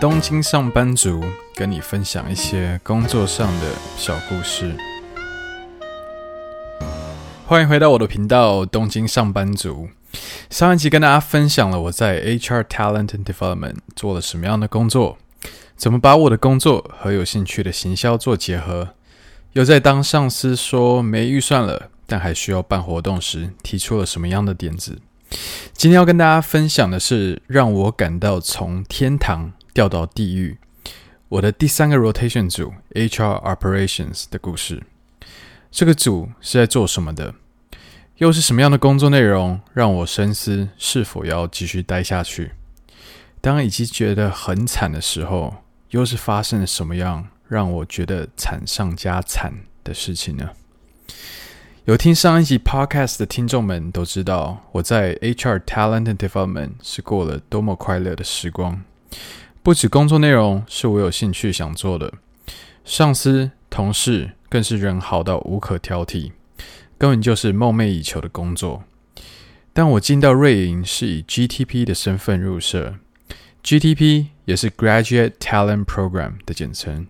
東京上班族跟你分享一些工作上的小故事。歡迎回到我的頻道《東京上班族》。上一集跟大家分享了我在 HR Talent & Development 做了什麼樣的工作，怎麼把我的工作和有興趣的行銷做結合，又在當上司說沒預算了，但還需要辦活動時提出了什麼樣的點子。今天要跟大家分享的是讓我感到從天堂掉到地獄。我的第三個 rotation 組 HR Operations 的故事，這個組是在做什麼的？又是什麼樣的工作內容讓我深思是否要繼續待下去？當已經覺得很慘的時候，又是發生了什麼樣讓我覺得慘上加慘的事情呢？有聽上一集 podcast 的聽眾們都知道，我在 HR Talent & Development 是過了多麼快樂的時光。不止工作內容是我有興趣想做的，上司、同事更是人好到無可挑剔，根本就是夢寐以求的工作。但我進到瑞銀是以 GTP 的身份入社，GTP 也是 Graduate Talent Program 的簡稱，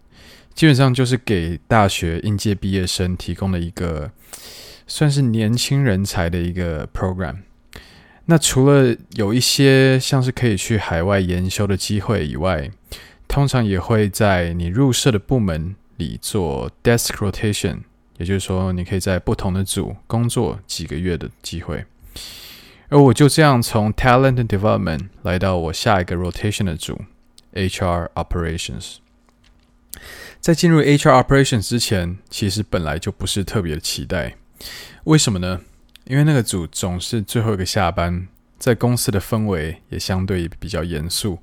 基本上就是給大學應屆畢業生提供的一個算是年輕人才的一個 program。那除了有一些像是可以去海外研修的機會以外，通常也會在你入社的部門裡做 desk rotation，也就是說，你可以在不同的組工作幾個月的機會。而我就這樣從 Talent and Development 來到我下一個 rotation 的組 HR Operations。在進入 HR Operations 之前，其實本來就不是特別期待，為什麼呢？因為那個組總是最後一個下班，在公司的氛圍也相對比較嚴肅。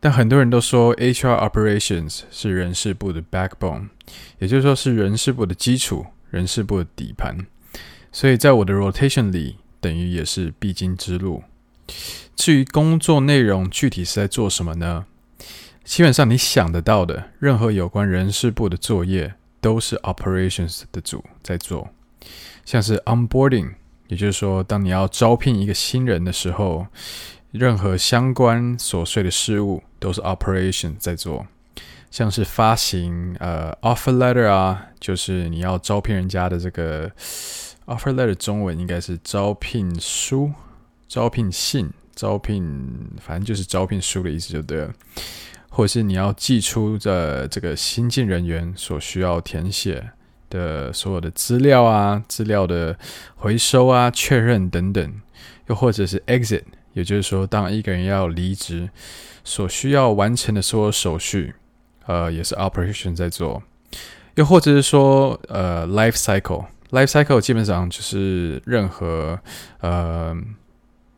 但很多人都說 HR Operations 是人事部的 backbone，也就是說是人事部的基礎、人事部的底盤。所以在我的 rotation 裡，等於也是必經之路。至於工作內容具體是在做什麼呢？基本上你想得到的任何有關人事部的作業，都是 Operations 的組在做，像是 onboarding。也就是說，當你要招聘一個新人的時候，任何相關瑣碎的事物都是 operation 在做，像是發行呃 offer letter 啊，就是你要招聘人家的這個 offer letter 中文應該是招聘書、招聘信、招聘，反正就是招聘書的意思就對了，或者是你要寄出的這個新進人員所需要填寫。的所有的資料啊，資料的回收啊，確認等等，又或者是 exit，也就是說，當一個人要離職，所需要完成的所有手續，呃，也是 operation 在做，又或者是說，呃，life cycle，life cycle 基本上就是任何，呃。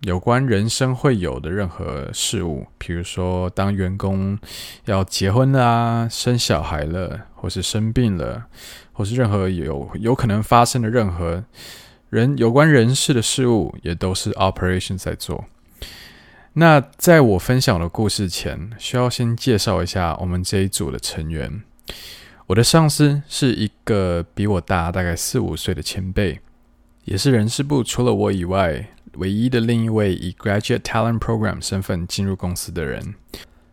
有關人生會有的任何事物，比如說當員工要結婚啊，生小孩了，或是生病了，或是任何有有可能發生的任何人有關人事的事物，也都是 operation 在做。那在我分享的故事前，需要先介紹一下我們這一組的成員。我的上司是一個比我大大概四五歲的前輩，也是人事部除了我以外。唯一的另一位以 Graduate Talent Program 身份進入公司的人，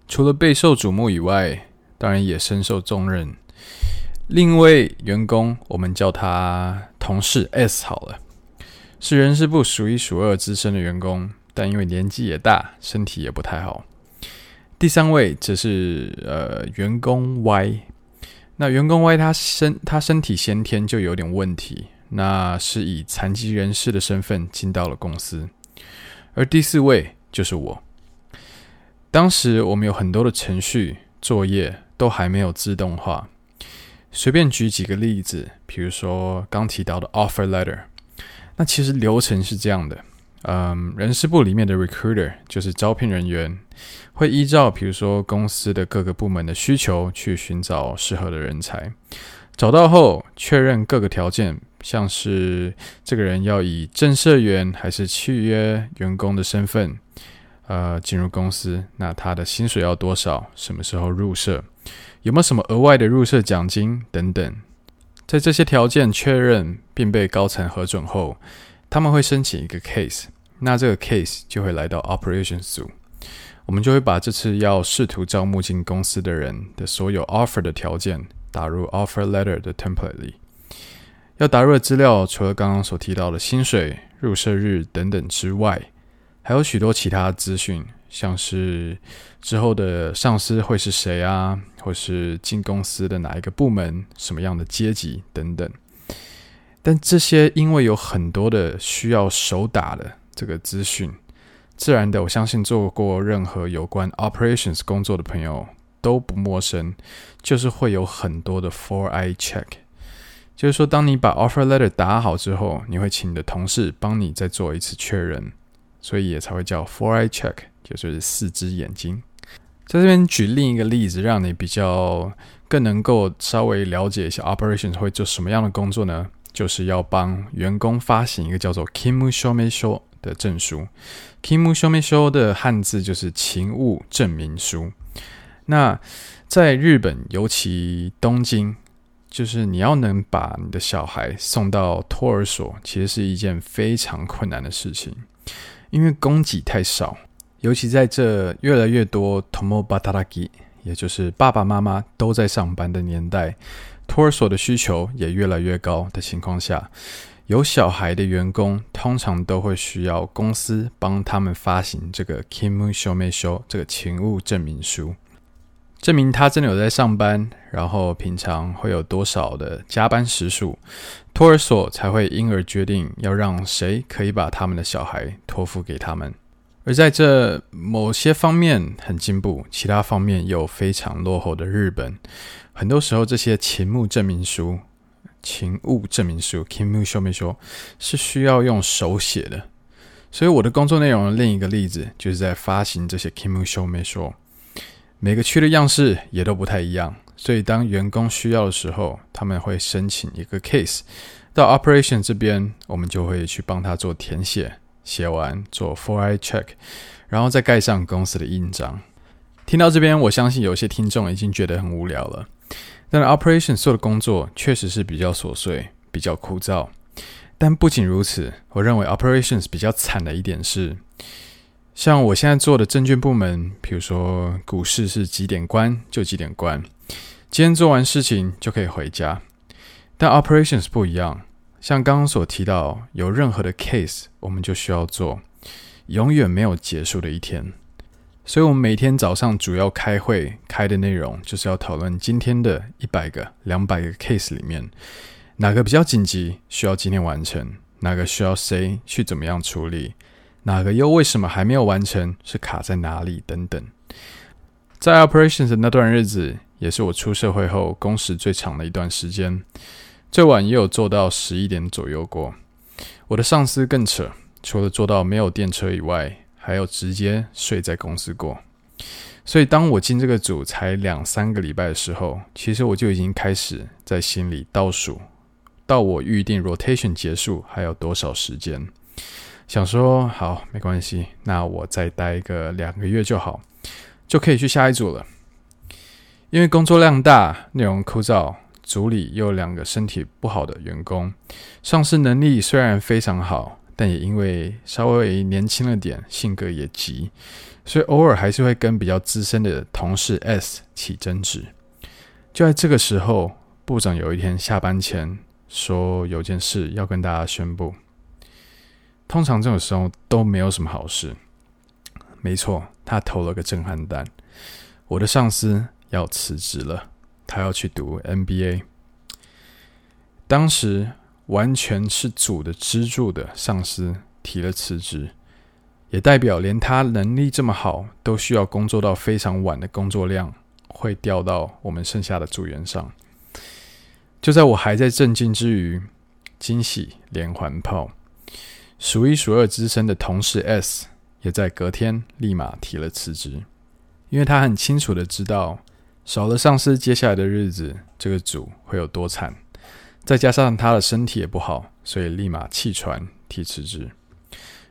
除了備受矚目以外，當然也深受重任。另一位員工，我們叫他同事 S 好了，是人事部數一數二資深的員工，但因為年紀也大，身體也不太好。第三位則是呃、員工 Y，那員工 Y 他身他身體先天就有點問題。那是以殘疾人士的身份進到了公司，而第四位就是我。當時我們有很多的程序作業都還沒有自動化，隨便舉幾個例子，比如說剛提到的 offer letter，那其實流程是這樣的。嗯、呃，人事部裡面的 recruiter 就是招聘人員，會依照比如說公司的各個部門的需求去尋找適合的人才，找到後確認各個條件。像是這個人要以正社員還是契約員工的身份，呃，進入公司，那他的薪水要多少？什麼時候入社？有沒有什麼額外的入社獎金等等？在這些條件確認並被高層核准後，他們會申請一個 case，那這個 case 就會來到 operations 組，我們就會把這次要試圖招募進公司的人的所有 offer 的條件打入 offer letter 的 template 裡。要打入的資料，除了剛剛所提到的薪水、入社日等等之外，還有許多其他資訊，像是之後的上司會是誰啊，或是進公司的哪一個部門、什麼樣的階級等等。但這些因為有很多的需要手打的這個資訊，自然的，我相信做過任何有關 operations 工作的朋友都不陌生，就是會有很多的 four eye check。就是說，當你把 offer letter 打好之後，你會請你的同事幫你再做一次確認，所以也才會叫 four eye check，就是四只眼睛。在這邊舉另一個例子，讓你比較更能夠稍微了解一下 operations 會做什麼樣的工作呢？就是要幫員工發行一個叫做 Kinmu Show Me Show 的證書，Kinmu Show Me Show 的漢字就是勤務證明書。那在日本，尤其東京。就是你要能把你的小孩送到托兒所，其實是一件非常困難的事情，因為供給太少。尤其在這越來越多 tomobataraki 也就是爸爸媽媽都在上班的年代，托兒所的需求也越來越高的情況下，有小孩的員工通常都會需要公司幫他們發行這個 kinmu shomeisho 這個勤務證明書。證明他真的有在上班，然後平常會有多少的加班時數，托兒所才會因而決定要讓誰可以把他們的小孩託付給他們。而在這某些方面很進步，其他方面又非常落後的日本，很多時候這些勤務證明書、勤務證明書、勤務證明書是需要用手寫的。所以我的工作內容的另一個例子就是在發行這些勤務證明書。每個區的樣式也都不太一樣，所以當員工需要的時候，他們會申請一個 case，到 operation 這邊，我們就會去幫他做填寫，寫完做 four eye check，然後再蓋上公司的印章。聽到這邊，我相信有些聽眾已經覺得很無聊了。但 operation 做的工作確實是比較瑣碎，比較枯燥。但不僅如此，我認為 operations 比較慘的一點是，像我現在做的證券部門，比如說股市是幾點關就幾點關，今天做完事情就可以回家。但 operations 不一樣，像剛剛所提到，有任何的 case 我們就需要做，永遠沒有結束的一天。所以，我們每天早上主要開會開的內容，就是要討論今天的一百個、兩百個 case 裡面，哪個比較緊急需要今天完成，哪個需要誰去怎麼樣處理。哪個又為什麼還沒有完成？是卡在哪裡？等等，在 operations 的那段日子，也是我出社會後工時最長的一段時間，最晚也有做到十一點左右過。我的上司更扯，除了做到沒有電車以外，還要直接睡在公司過。所以，當我進這個組才兩三個禮拜的時候，其實我就已經開始在心裡倒數，到我預定 rotation 結束還有多少時間。想說好，沒關係，那我再待一個兩個月就好，就可以去下一組了。因為工作量大，內容枯燥，組裡又有兩個身體不好的員工，上司能力雖然非常好，但也因為稍微年輕了點，性格也急，所以偶爾還是會跟比較資深的同事 S 起爭執。就在這個時候，部長有一天下班前說有件事要跟大家宣布。通常這種時候都沒有什麼好事。沒錯，他投了個震撼彈。我的上司要辭職了，他要去讀 MBA。當時完全是組的支柱的上司提了辭職，也代表連他能力這麼好，都需要工作到非常晚的工作量會掉到我們剩下的組員上。就在我還在震驚之餘，驚喜連環炮。數一數二資深的同事 S 也在隔天立馬提了辭職，因為他很清楚的知道少了上司，接下來的日子這個組會有多慘，再加上他的身體也不好，所以立馬棄船提辭職。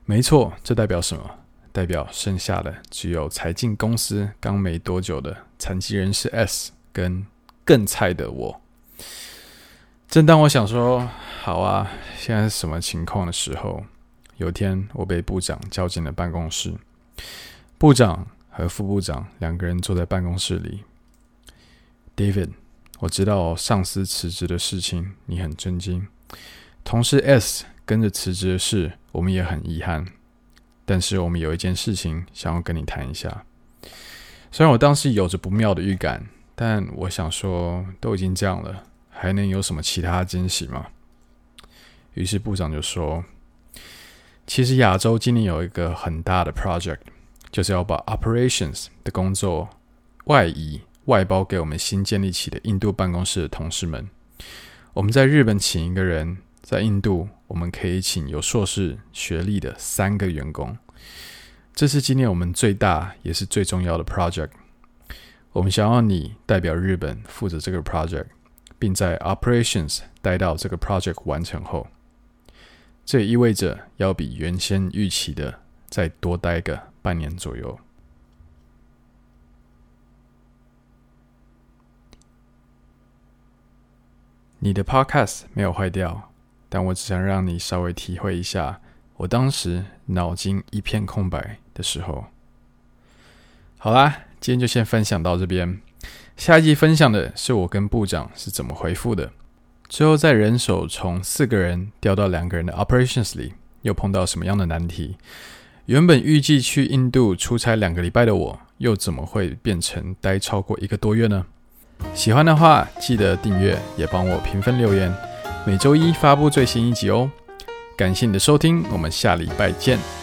沒錯，這代表什麼？代表剩下的只有才進公司剛沒多久的殘疾人士 S 跟更菜的我。正當我想說“好啊，現在是什麼情況”的時候。有一天，我被部長叫進了辦公室。部長和副部長兩個人坐在辦公室裡。David，我知道上司辭職的事情你很震驚，同事 S 跟着辭職的事我們也很遺憾。但是我們有一件事情想要跟你談一下。雖然我當時有着不妙的預感，但我想說，都已經這樣了，還能有什麼其他驚喜嗎？於是部長就說。其實亞洲今年有一個很大的 project，就是要把 operations 的工作外移、外包給我們新建立起的印度辦公室的同事們。我們在日本請一個人，在印度我們可以請有碩士學歷的三個員工。這是今年我們最大也是最重要的 project。我們想要你代表日本負責這個 project，並在 operations 待到這個 project 完成後。這也意味着要比原先預期的再多待個半年左右。你的 Podcast 沒有壞掉，但我只想讓你稍微體會一下我當時腦筋一片空白的時候。好啦，今天就先分享到這邊。下一集分享的是我跟部長是怎麼回覆的。最後，在人手從四個人調到兩個人的 operations 裡，又碰到什麼樣的難題？原本預計去印度出差兩個禮拜的我，又怎麼會變成待超過一個多月呢？喜歡的話，記得訂閱，也幫我評分留言，每周一發布最新一集哦。感謝你的收聽，我們下禮拜見。